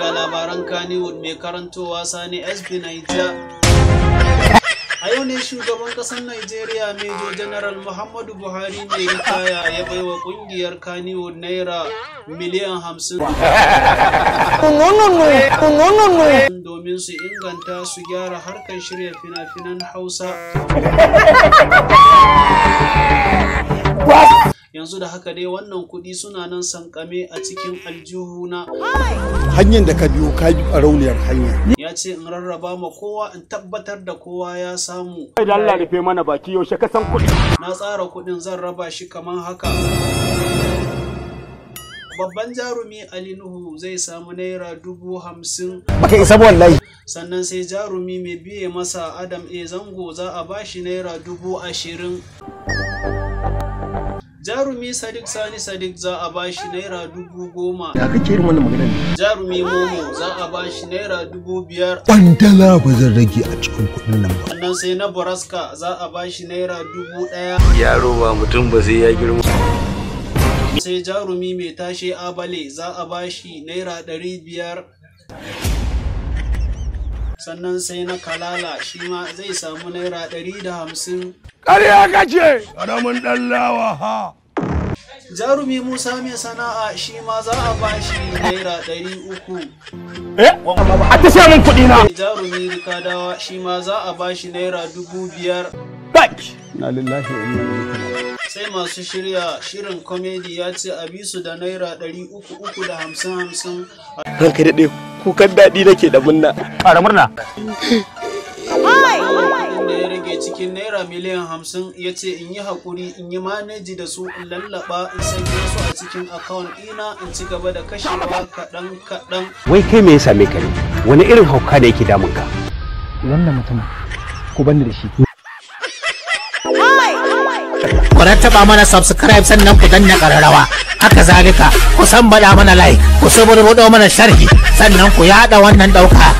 ga labaran Kannywood mai karantowa Sani SB naija A yau ne shugaban ƙasar Najeriya mejo General Muhammadu Buhari mai ritaya ya baiwa ƙungiyar Kannywood Naira miliyan hamsin domin su inganta su gyara harkar shirya fina-finan Hausa. yanzu da haka dai wannan kuɗi suna nan sankame a cikin aljihuna hanyar da ka biyo ka bi a rauniyar hanya ya ce in rarraba ma kowa in tabbatar da kowa ya samu kai da Allah rufe mana baki yaushe ka san kuɗi na tsara kuɗin zan raba shi kamar haka babban jarumi Ali Nuhu zai samu naira dubu hamsin. Baka isa wallahi. Sannan sai jarumi mai biye masa Adam A Zango za a bashi naira dubu ashirin. jarumi sadiq sani sadiq za a ba shi naira dubu goma ya kake irin wannan magana ne jarumi momo za a ba shi naira dubu biyar kwandala ba zan rage a cikin kuɗin nan ba sannan sai na baraska za a ba shi naira dubu ɗaya yaro ba mutum ba sai ya girma sai jarumi mai tashe abale za a ba shi naira ɗari biyar sannan sai na kalala shi ma zai samu naira ɗari da hamsin ƙarya kace ƙaramin ɗan lawa ha jarumi musa mai sana'a shi ma za a ba shi naira ɗari uku eh? a ta sha min kuɗi na eh, jarumi rikadawa shi ma za a ba shi naira dubu biyar na lillahi wa inna sai masu shirya shirin komedi ya ce a bisu da naira ɗari uku uku da hamsin hamsin ranka daɗe kukan daɗi nake da munna ƙara murna da ya rage cikin naira miliyan hamsin ya ce in yi haƙuri in yi maneji da su in lallaba in sanya su a cikin akawun ina in ci gaba da kashewa kaɗan kaɗan. wai kai me ya same ka ne wani irin hauka da yake damun ka wannan mutumin ku da shi ku taba mana subscribe sannan ku danna karrawa haka zalika ku san bada mana like ku saburbudo mana sharhi sannan ku yada wannan dauka